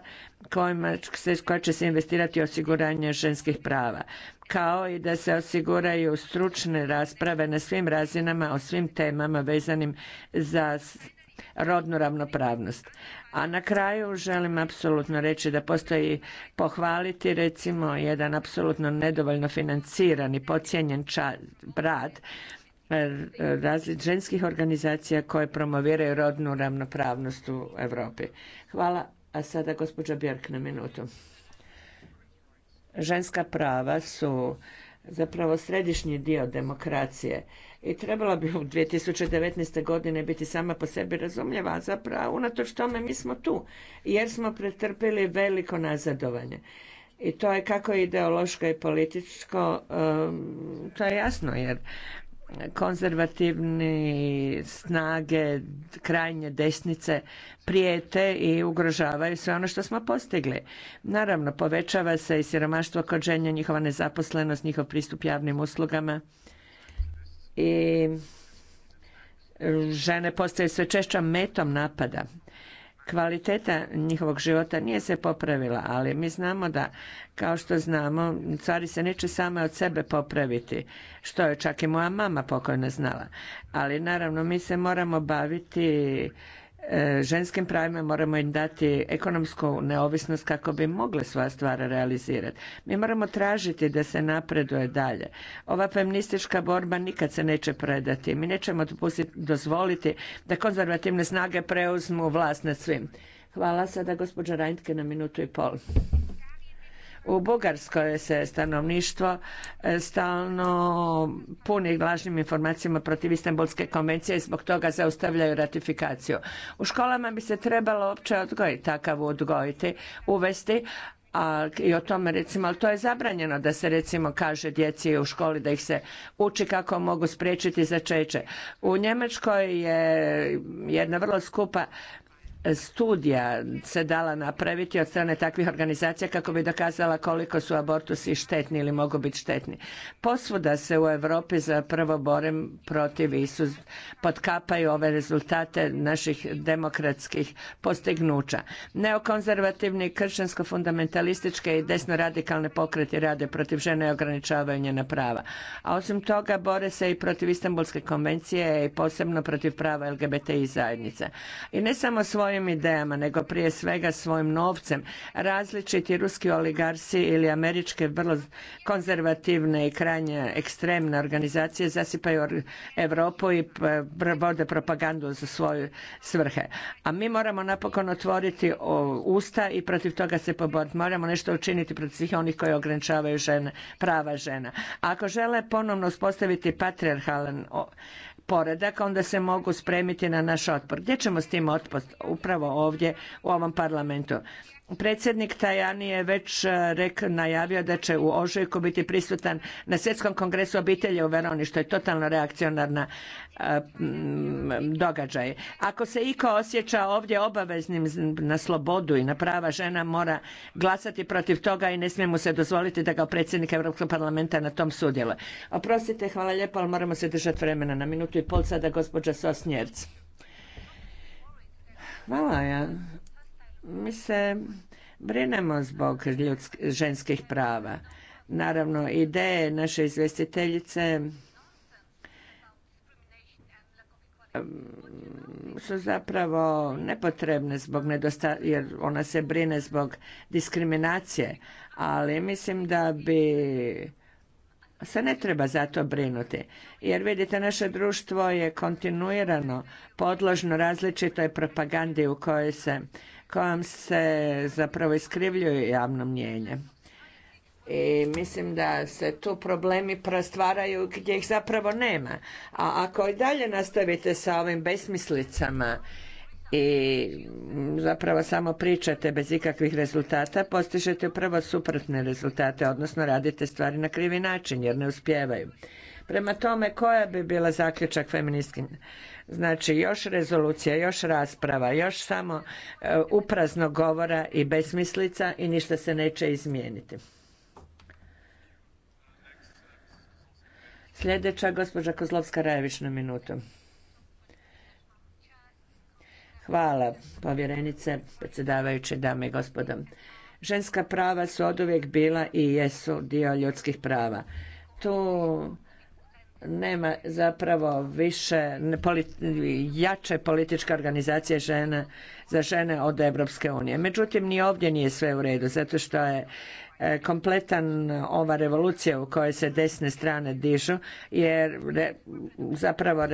kojima se, koja će se investirati u osiguranje ženskih prava kao i da se osiguraju stručne rasprave na svim razinama o svim temama vezanim za rodnu ravnopravnost. A na kraju želim apsolutno reći da postoji pohvaliti recimo jedan apsolutno nedovoljno financiran i pocijenjen rad eh, različitih ženskih organizacija koje promoviraju rodnu ravnopravnost u Europi. Hvala. A sada gospođa Bjerk na minutu. Ženska prava su zapravo središnji dio demokracije i trebala bi u 2019. godine biti sama po sebi razumljiva, a zapravo unatoč tome mi smo tu, jer smo pretrpili veliko nazadovanje. I to je kako ideološko i političko, to je jasno, jer konzervativni snage krajnje desnice prijete i ugrožavaju sve ono što smo postigli. Naravno, povećava se i siromaštvo kod ženja, njihova nezaposlenost, njihov pristup javnim uslugama – i žene postaju sve češća metom napada. Kvaliteta njihovog života nije se popravila, ali mi znamo da, kao što znamo, stvari se neće same od sebe popraviti, što je čak i moja mama pokojna znala. Ali naravno mi se moramo baviti E, ženskim pravima moramo im dati ekonomsku neovisnost kako bi mogle sva stvar realizirati. Mi moramo tražiti da se napreduje dalje. Ova feministička borba nikad se neće predati. Mi nećemo dozvoliti da konzervativne snage preuzmu vlast nad svim. Hvala sada gospođa Rajntke na minutu i pol. U Bugarskoj se stanovništvo e, stalno puni lažnim informacijama protiv Istanbulske konvencije i zbog toga zaustavljaju ratifikaciju. U školama bi se trebalo opće odgojiti takav odgojiti, uvesti, a, i o tome recimo, ali to je zabranjeno da se recimo kaže djeci u školi da ih se uči kako mogu spriječiti začeće. U Njemačkoj je jedna vrlo skupa studija se dala napraviti od strane takvih organizacija kako bi dokazala koliko su abortusi štetni ili mogu biti štetni. Posvuda se u Europi prvo borem protiv i potkapaju ove rezultate naših demokratskih postignuća. Neokonzervativni, kršćansko-fundamentalističke i desno-radikalne pokreti rade protiv žene i ograničavaju njena prava. A osim toga bore se i protiv Istanbulske konvencije i posebno protiv prava LGBTI zajednice. I ne samo svoje svojim idejama, nego prije svega svojim novcem, različiti ruski oligarsi ili američke vrlo konzervativne i krajnje ekstremne organizacije zasipaju Europu i vode propagandu za svoje svrhe. A mi moramo napokon otvoriti usta i protiv toga se poboriti. Moramo nešto učiniti protiv svih onih koji ograničavaju žene, prava žena. ako žele ponovno uspostaviti patrijarhalan poredak, onda se mogu spremiti na naš otpor. Gdje ćemo s tim otpor? Upravo ovdje u ovom parlamentu. Predsjednik Tajani je već e, najavio da će u ožujku biti prisutan na Svjetskom kongresu obitelji u Veroni, što je totalno reakcionarna e, događaj. Ako se iko osjeća ovdje obaveznim na slobodu i na prava žena, mora glasati protiv toga i ne smije mu se dozvoliti da ga predsjednik Europskog parlamenta na tom sudjela. Oprostite, hvala lijepo, ali moramo se držati vremena na minutu i pol sada gospođa Sosnjerc. Mi se brinemo zbog ljudsk, ženskih prava. Naravno, ideje naše izvjestiteljice su zapravo nepotrebne zbog nedosta jer ona se brine zbog diskriminacije, ali mislim da bi se ne treba za to brinuti. Jer vidite, naše društvo je kontinuirano podložno različitoj propagandi u kojoj se kojom se zapravo iskrivljuje javno mnjenje. I mislim da se tu problemi prostvaraju gdje ih zapravo nema. A ako i dalje nastavite sa ovim besmislicama i zapravo samo pričate bez ikakvih rezultata, postižete upravo suprotne rezultate, odnosno radite stvari na krivi način jer ne uspijevaju. Prema tome, koja bi bila zaključak feministkin? Znači, još rezolucija, još rasprava, još samo e, uprazno govora i besmislica i ništa se neće izmijeniti. Sljedeća, gospođa Kozlovska-Rajević na minutu. Hvala, povjerenice, predsjedavajući, dame i gospodo. Ženska prava su oduvijek bila i jesu dio ljudskih prava. Tu nema zapravo više jače političke organizacije žena za žene od Europske unije. Međutim, ni ovdje nije sve u redu, zato što je E, kompletan ova revolucija u kojoj se desne strane dižu jer zapravo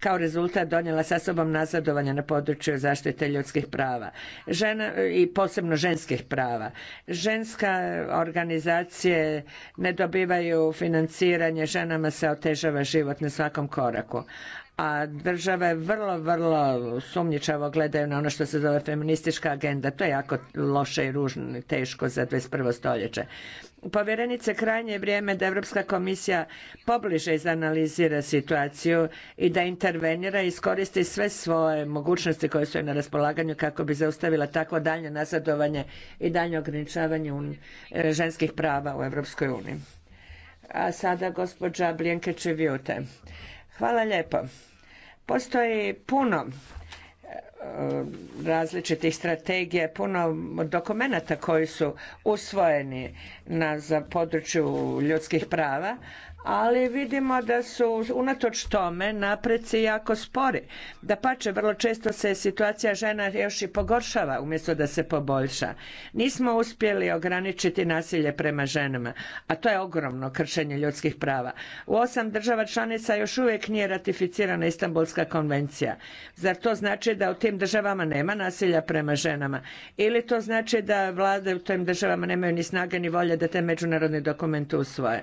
kao rezultat donijela sa sobom nazadovanje na području zaštite ljudskih prava Žena, i posebno ženskih prava. Ženska organizacije ne dobivaju financiranje, ženama se otežava život na svakom koraku a države vrlo, vrlo sumnjičavo gledaju na ono što se zove feministička agenda. To je jako loše i ružno i teško za 21. stoljeće. Povjerenice, krajnje je vrijeme da Europska komisija pobliže izanalizira situaciju i da intervenira i iskoristi sve svoje mogućnosti koje su joj na raspolaganju kako bi zaustavila takvo daljnje nazadovanje i daljnje ograničavanje e, ženskih prava u Europskoj uniji. A sada gospođa Bljenkeće-Vjute. Hvala lijepo. Postoji puno e, različitih strategija, puno dokumenata koji su usvojeni na, za području ljudskih prava, ali vidimo da su unatoč tome napreci jako spori. Da pače, vrlo često se situacija žena još i pogoršava umjesto da se poboljša. Nismo uspjeli ograničiti nasilje prema ženama, a to je ogromno kršenje ljudskih prava. U osam država članica još uvijek nije ratificirana Istanbulska konvencija. Zar to znači da u tim državama nema nasilja prema ženama? Ili to znači da vlade u tim državama nemaju ni snage ni volje da te međunarodne dokumente usvoje?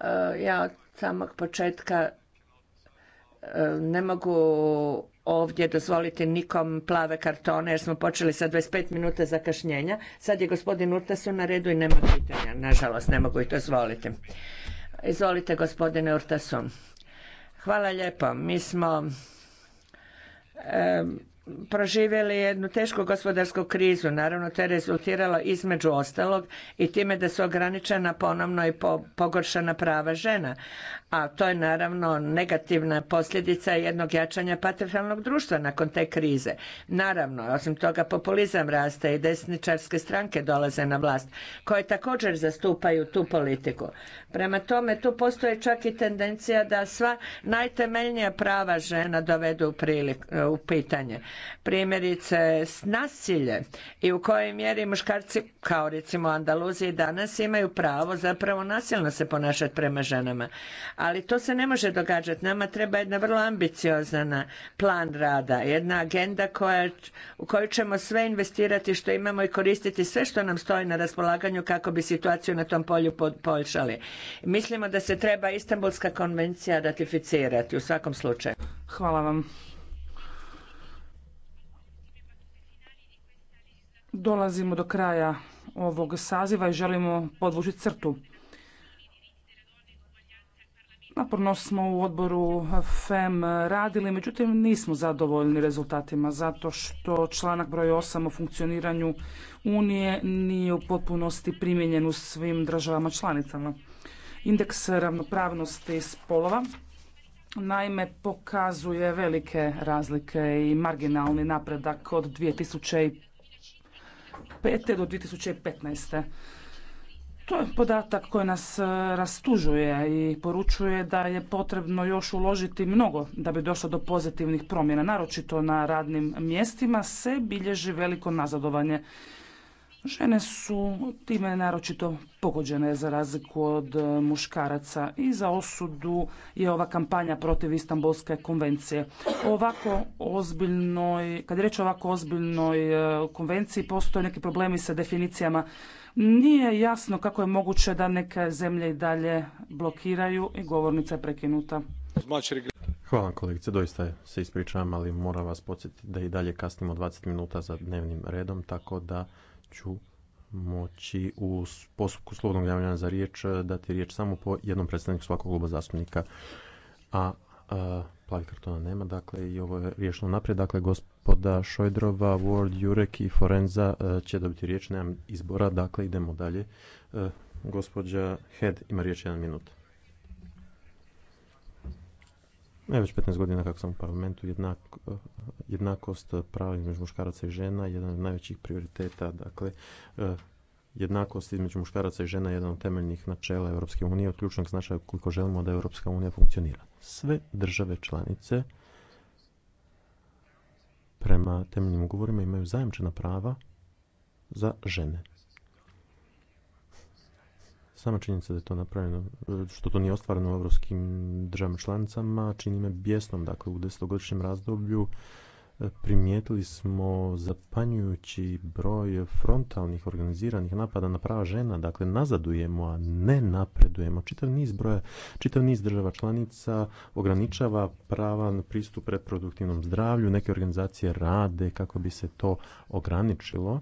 Eh, ja od samog početka eh, ne mogu ovdje dozvoliti nikom plave kartone jer smo počeli sa 25 minuta zakašnjenja. Sad je gospodin Urtasun na redu i nema pitanja. Nažalost, ne mogu i dozvoliti. Izvolite gospodine Urtasun. Hvala lijepo. Mi smo proživjeli jednu tešku gospodarsku krizu. Naravno, to je rezultiralo između ostalog i time da su ograničena ponovno i po, pogoršana prava žena. A to je naravno negativna posljedica jednog jačanja patriarhalnog društva nakon te krize. Naravno, osim toga populizam raste i desničarske stranke dolaze na vlast koje također zastupaju tu politiku. Prema tome, tu postoji čak i tendencija da sva najtemeljnija prava žena dovedu u, prilik, u pitanje primjerice s nasilje i u kojoj mjeri muškarci kao recimo Andaluziji danas imaju pravo zapravo nasilno se ponašati prema ženama. Ali to se ne može događati. Nama treba jedna vrlo ambiciozna plan rada, jedna agenda koja, u koju ćemo sve investirati što imamo i koristiti sve što nam stoji na raspolaganju kako bi situaciju na tom polju poboljšali. Mislimo da se treba Istanbulska konvencija ratificirati u svakom slučaju. Hvala vam. Dolazimo do kraja ovog saziva i želimo podvući crtu. Naporno smo u odboru FEM radili, međutim nismo zadovoljni rezultatima zato što članak broj 8 o funkcioniranju Unije nije u potpunosti primijenjen u svim državama članicama. Indeks ravnopravnosti spolova naime pokazuje velike razlike i marginalni napredak od 2005 2005. do 2015. To je podatak koji nas e, rastužuje i poručuje da je potrebno još uložiti mnogo da bi došlo do pozitivnih promjena, naročito na radnim mjestima se bilježi veliko nazadovanje. Žene su time naročito pogođene za razliku od e, muškaraca i za osudu je ova kampanja protiv Istanbulske konvencije. Ovako ozbiljnoj, kad je o ovako ozbiljnoj e, konvenciji, postoje neki problemi sa definicijama. Nije jasno kako je moguće da neke zemlje i dalje blokiraju i govornica je prekinuta. Hvala kolegice, doista se ispričavam, ali moram vas podsjetiti da i dalje kasnimo 20 minuta za dnevnim redom, tako da ću moći u postupku slobodnog javljanja za riječ eh, dati riječ samo po jednom predstavniku svakog kluba zastupnika. A, a eh, plavi kartona nema, dakle i ovo je riješeno naprijed. Dakle, gospoda Šojdrova, Ward, Jurek i Forenza eh, će dobiti riječ, nemam izbora, dakle idemo dalje. gospođa Head ima riječ jedan minut. Ne, već 15 godina kako sam u parlamentu, eh, jednakost eh, prava između muškaraca i žena jedan od najvećih prioriteta, dakle eh, jednakost između muškaraca i žena je jedan od temeljnih načela Europske unije, od ključnog značaja koliko želimo da Europska unija funkcionira. Sve države članice prema temeljnim ugovorima imaju zajamčena prava za žene. Sama činjenica da je to napravljeno, što to nije ostvareno u evropskim državama članicama, čini me bijesnom. Dakle, u desetogodišnjem razdoblju e, primijetili smo zapanjujući broj frontalnih organiziranih napada na prava žena. Dakle, nazadujemo, a ne napredujemo. Čitav niz, broja, čitav niz država članica ograničava prava na pristup reproduktivnom zdravlju. Neke organizacije rade kako bi se to ograničilo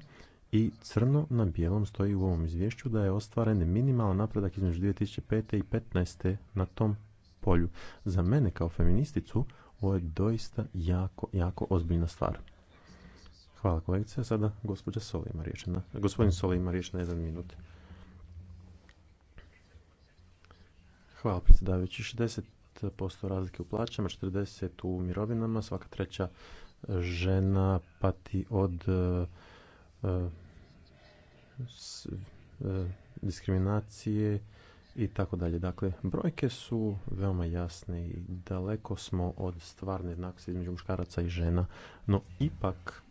i crno na bijelom stoji u ovom izvješću da je ostvaren minimalan napredak između 2005. i 2015. na tom polju. Za mene kao feministicu ovo je doista jako, jako ozbiljna stvar. Hvala kolegice. Sada gospođa Soli ima gospodin soli ima riječ na jedan minut. Hvala predsjedavajući. 60% razlike u plaćama, 40% u mirovinama, svaka treća žena pati od eh, E, diskriminacije i tako dalje. Dakle, brojke su veoma jasne i daleko smo od stvarne jednakosti između muškaraca i žena, no ipak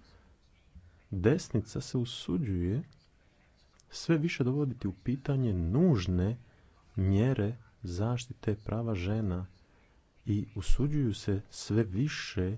desnica se usuđuje sve više dovoditi u pitanje nužne mjere zaštite prava žena i usuđuju se sve više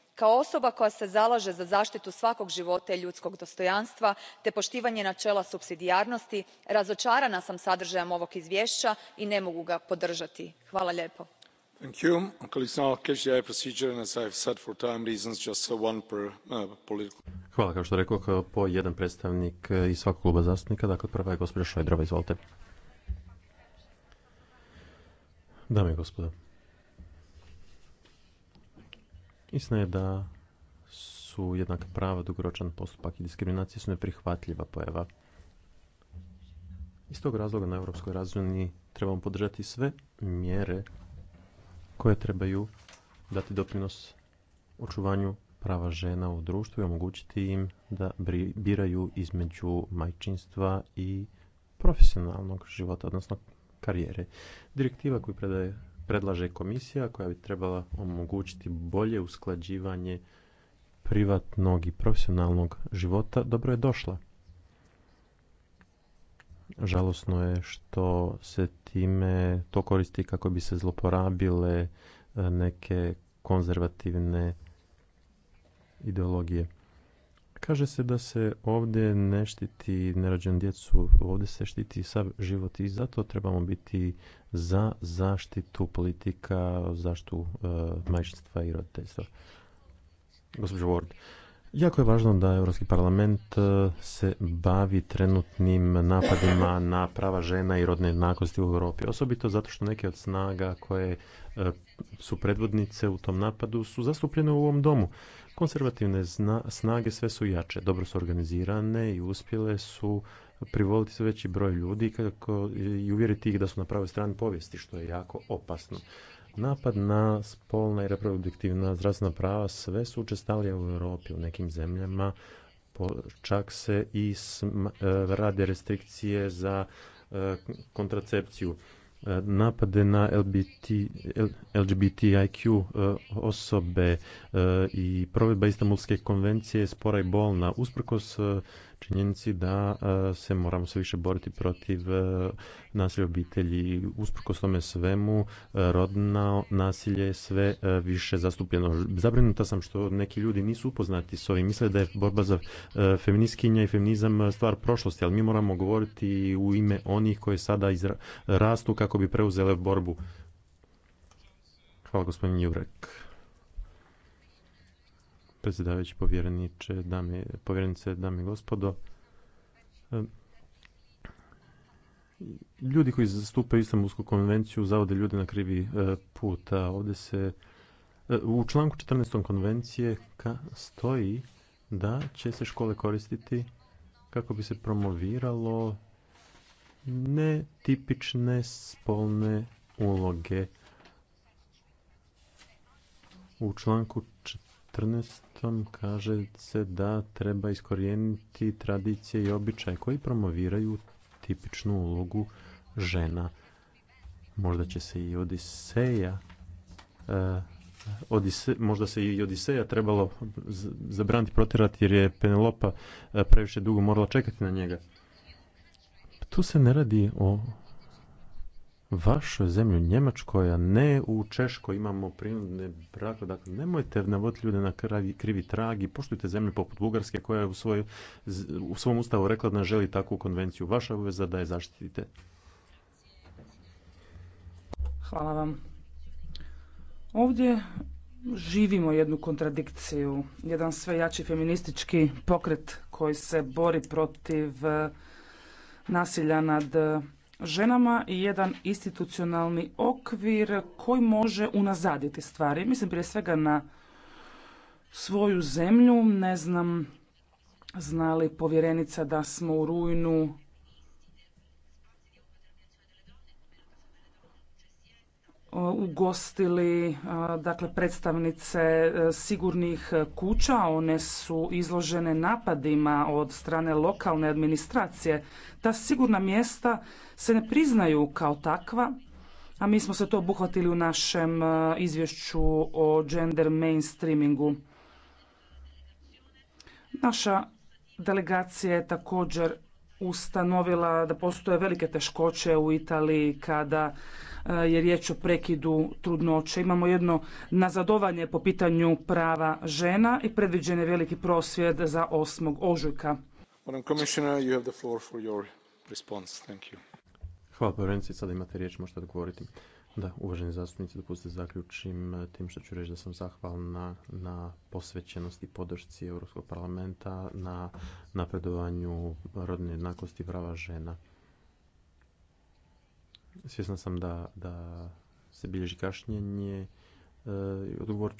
kao osoba koja se zalaže za zaštitu svakog života i ljudskog dostojanstva te poštivanje načela supsidijarnosti razočarana sam sadržajem ovog izvješća i ne mogu ga podržati. hvala lijepo. Hvala. Kao što po jedan predstavnik e, iz svakog kluba zastupnika. Dakle, prva je gospođa Šojdrova. Izvolite. Dame i Istina je da su jednaka prava, dugoročan postupak i diskriminacija su neprihvatljiva pojava. Iz tog razloga na europskoj razini trebamo podržati sve mjere koje trebaju dati doprinos očuvanju prava žena u društvu i omogućiti im da biraju između majčinstva i profesionalnog života, odnosno karijere. Direktiva koju predaje predlaže komisija koja bi trebala omogućiti bolje usklađivanje privatnog i profesionalnog života dobro je došla. Žalosno je što se time to koristi kako bi se zloporabile e, neke konzervativne ideologije. Kaže se da se ovdje ne štiti nerađenu djecu, ovdje se štiti sav život i zato trebamo biti za zaštitu politika, zaštitu e, majčinstva i roditeljstva. Gospođo Ward, jako je važno da Europski parlament e, se bavi trenutnim napadima na prava žena i rodne jednakosti u Europi, osobito zato što neke od snaga koje e, su predvodnice u tom napadu su zastupljene u ovom domu. Konzervativne snage sve su jače, dobro su organizirane i uspjele su privoliti sve veći broj ljudi kako, i uvjeriti ih da su na pravoj strani povijesti, što je jako opasno. Napad na spolna i reproduktivna zdravstvena prava sve su učestalije u Europi, u nekim zemljama čak se i sm, e, rade restrikcije za e, kontracepciju Eh, napade na LBT, LGBTIQ eh, osobe eh, i provedba Istanbulske konvencije spora i bolna. Usprkos činjenici da e, se moramo sve više boriti protiv e, nasilja obitelji. Usprkos tome svemu, e, rodno nasilje je sve više zastupljeno. Zabrinuta sam što neki ljudi nisu upoznati s ovim. Misle da je borba za feministkinja i feminizam stvar prošlosti, ali mi moramo govoriti u ime onih koje sada rastu kako bi preuzele borbu. Hvala gospodin Jurek predsjedavajući povjereniče, povjerenice, dame i gospodo. E, ljudi koji zastupaju Istanbulsku konvenciju zavode ljude na krivi e, puta. ovdje se e, u članku 14. konvencije stoji da će se škole koristiti kako bi se promoviralo netipične spolne uloge. U članku 14. kaže se da treba iskorijeniti tradicije i običaje koji promoviraju tipičnu ulogu žena. Možda će se i Odiseja uh, možda se i Odiseja trebalo zabraniti protirati jer je Penelopa e, previše dugo morala čekati na njega. Tu se ne radi o vašoj zemlji, u Njemačkoj, a ne u Češkoj imamo prinudne brakove. Dakle, nemojte navoditi ljude na kravi, krivi trag i poštujte zemlju poput Bugarske koja je u, svoj, u svom ustavu rekla da želi takvu konvenciju. Vaša obveza da je zaštitite. Hvala vam. Ovdje živimo jednu kontradikciju. Jedan sve jači feministički pokret koji se bori protiv eh, nasilja nad ženama i jedan institucionalni okvir koji može unazaditi stvari. Mislim prije svega na svoju zemlju. Ne znam znali povjerenica da smo u rujnu Uh, ugostili uh, dakle predstavnice uh, sigurnih kuća. One su izložene napadima od strane lokalne administracije. Ta sigurna mjesta se ne priznaju kao takva, a mi smo se to obuhvatili u našem izvješću o gender mainstreamingu. Naša delegacija je također ustanovila da postoje velike teškoće u Italiji kada eh, je riječ o prekidu trudnoće. Imamo jedno nazadovanje po pitanju prava žena i predviđen je veliki prosvjed za 8. ožujka. Hvala povjerenici, sada imate riječ, možete odgovoriti. Da, uvaženi zastupnici, dopustite zaključim e, tim što ću reći da sam zahvalna na posvećenosti i podršci Europskog parlamenta na napredovanju rodne jednakosti prava žena. Svjesna sam da, se bilježi kašnjenje e, i e,